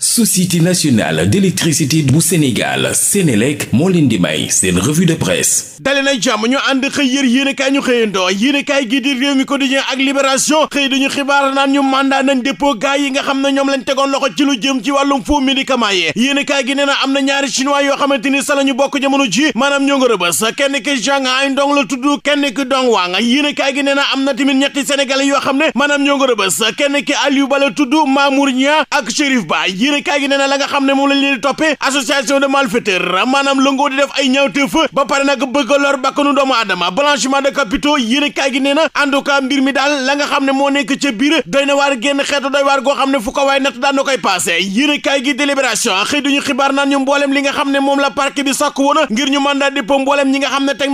société nationale d'électricité bu Sénégal Sénélec moo leen di may seen revue de presse dali na jàmm ñu ànd xëy yër kaa ñu xëyandoo yéenekaay gi di réew mi quotidien ak libération xëy du ñu xibaar naan ñu mandat nañ dépôt gaay yi nga xam ne ñoom lañ tegoon loxo ci lu jëm ci wàllum faux médicament yi yéenekaay gi nee na am na ñaari chinois yoo xamante ni sa la ñu bokk jamono ji maanaam ñoo nga rëbës kenn ki Zhang Hai Dong la tudd kenn ki Dong Wang yéenekaay gi nee na am na tamit ñetti sénégalais yoo xam ne maanaam ñoo nga rëbës kenn ki Aliou la tudd Mamour Nia ak Chérif Ba yéene kaay gi la nga xam ne moom lañ leen di toppee association de malfaiteurs maanaam lëngoo di def ay ñaawteef ba pare nag bëgg a lor bakkanu doomu aadama blanchiment de capitaux yéene kaay gi na en mbir mi daal la nga xam ne moo nekk ca doy na waar génn xeetu doy waar goo xam ne fu ko natt daan na koy passé yéene xëy duñu xibaar naan ñu li nga xam ne moom la parquet bi sàkk woon ngir ñu mandat dépôt mbooleem ñi nga xam ne teg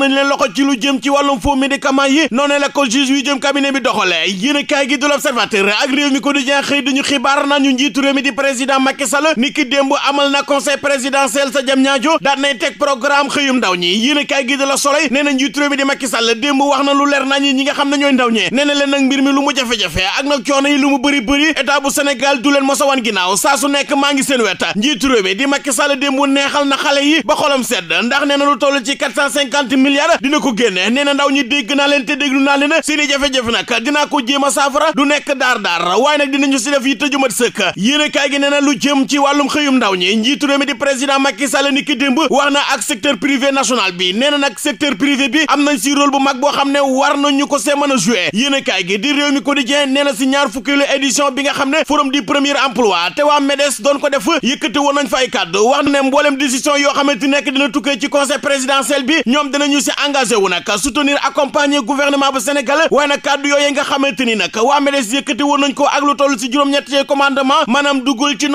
nañ Macky Sall ni ki démb amal na conseil présidentiel sa jam ñaajo daan nay teg programme xëyum ndaw ñi yéen a kaay gi de la Soleil nee na njiitu réew di Macky démb wax na lu leer nañu ñi nga xam ne ñooy ndaw ñee nee na leen nag mbir mi lu mu jafe-jafe ak nag coono yi lu mu bëri bëri état bu Sénégal du leen mosa wan nekk maa ngi seen wet njiitu di Macky démb neexal na xale yi ba xolam sedd ndax nee na lu toll ci 450 milliards dina ko génne nee na ndaw ñi dégg naa leen te déglu naa leen seeni jafe-jafe a saafara du nekk daar daar waaye nag dinañu si a kaay gi nee na lu jëm ci wàllum xëyum ndaw ñi njiitu di président Macky ni ki démb wax na ak secteur privé national bi nee na nag secteur privé bi am nañ si rôle bu mag boo xam ne war nañu ko see mën a joué kaay gi di réew mi quotidien nee na si ñaar fukkeelu édition bi nga xam ne forum du premier emploi te waa MEDES doon ko def yëkkati woon nañ fa wax na ne mbooleem yoo xamante nekk dina tukkee ci conseil présidentiel bi ñoom dinañu si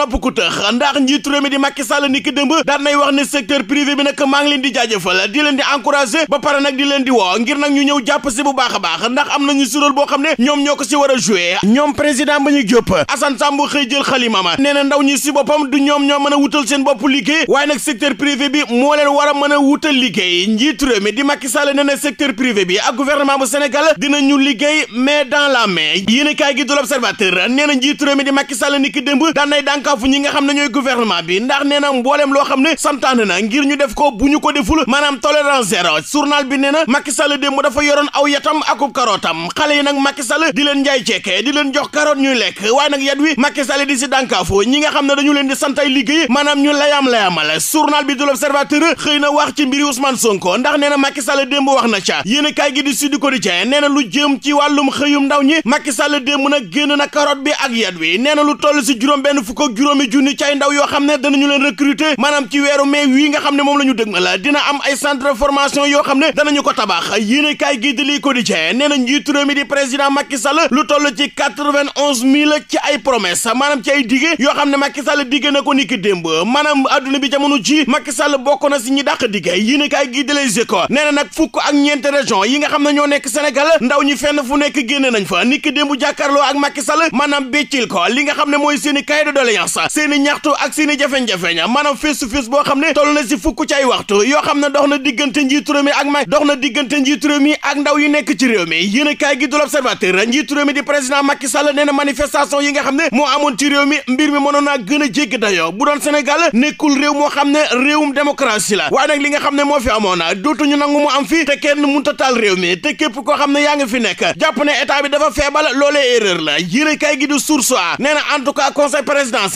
bopp ku tëx ndax njiitu réew mi di Macky Sall ni ki daan nay wax ne secteur privé bi nag maa ngi leen di jaajëfal di leen di encouragé ba pare nag di leen di woo ngir nag ñu ñëw jàpp si bu baax a baax ndax am na nañu suróol boo xam ne ñoom ñoo ko si war a joué ñoom président ba ñu Diop Assane Samb xëy jël xalima ma nee ndaw ñi si boppam du ñoom ñoo mën a wutal seen bopp liggéey waaye nag secteur privé bi moo leen war a mën a wutal liggéey njiitu réew mi di Macky Sall nee na secteur privé bi ak gouvernement bu liggéey mais dans la main yéen a kaay gi nee na njiitu réew mi di Macky daan nay dànk dànkaafu ñi nga xam ne ñooy gouvernement bi ndax nee na loo xam ne santaane na ngir ñu def ko bu ñu ko deful maanaam tolérance zéro journal bi nee na Macky dafa yoroon aw yatam akub karootam xale yi nag Macky Sall di leen njaay ceeke di leen jox karoot ñuy lekk waaye nag yat wi Macky Sall di si dànkaafu ñi nga xam ne dañu leen di sant ay liggéey maanaam ñu layaam-layaamal journal bi du l'Observateur xëy na wax ci mbiri Ousmane Sonko ndax nee na Macky Sall démb na ca yéen lu jëm ci wàllum xëyum ndaw ñi Macky Sall démb nag génn na karoot bi ak lu toll si juróom benn fukk juróomi junni ay ndaw yoo xam ne danañu leen recruter maanaam ci weeru mai wii nga xam ne moom la ñu dëgmal dina am ay centre de formation yoo xam ne danañu ko tabax yéene kaay gi di lii quotidien nee na njiitu réew mi di président Macky Sall lu toll ci quatre-vingt-onze ci ay promesse maanaam ci ay dige yoo xam ne Macky Sall dige na ko ni ki démb maanaam adduna bi jamono ji Macky Sall bokk na si ñi dàq dige yéene kaay gi di Les Échos nee na nag fukk ak ñeenti région yi nga xam ne ñoo nekk Sénégal ndaw ñi fenn fu nekk génne nañ fa ni ki démb jàkkaarloo ak Macky Sall maanaam béccil ko li nga xam ne mooy seeni cahier de mars seen i ñaxtu ak seeni i jafe-jafe ña maanaam boo xam ne toll na si fukk ci ay waxtu yoo xam ne dox na diggante njiitu réew ak Macky dox na diggante njiitu réew ak ndaw yi nekk ci réew mi yéen a kaay gi du l'observateur njiitu réew mi di président Macky Sall nee na manifestation yi nga xam ne moo amoon ci réew mi mbir mi mënoon naa gën a jéggi dayoo bu doon Sénégal nekkul réew moo xam ne réewum démocratie la waaye nag li nga xam ne moo fi amoon dootuñu nangu mu am fii te kenn mënut a taal réew mi te képp koo xam ne yaa ngi fi nekk jàpp ne état bi dafa feebal loolee erreur la gi du tout cas conseil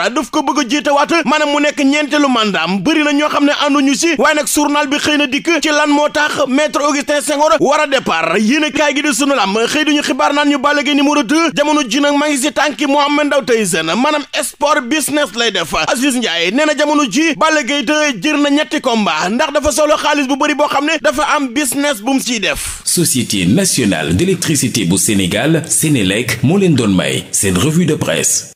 Camara daf ko bëgg a jiitewaat maanaam mu nekk ñeenteelu mandat am bëri na ñoo xam ne ànduñu si waaye nag journal bi xëy na dikk ci lan moo tax maître Augustin Senghor war a départ yéen a kaay gi di sunu lam xëy duñu xibaar naan ñu Balla Gaye numéro 2 jamono ji nag maa ngi si tànki Mohamed Ndao Tyson maanaam sport business lay def Aziz Ndiaye nee na jamono ji Balla Gaye te na ñetti combat ndax dafa solo xaalis bu bëri boo xam ne dafa am business bu mu siy def Société nationale d'électricité bu Sénégal Sénélec moo leen doon may seen revue de presse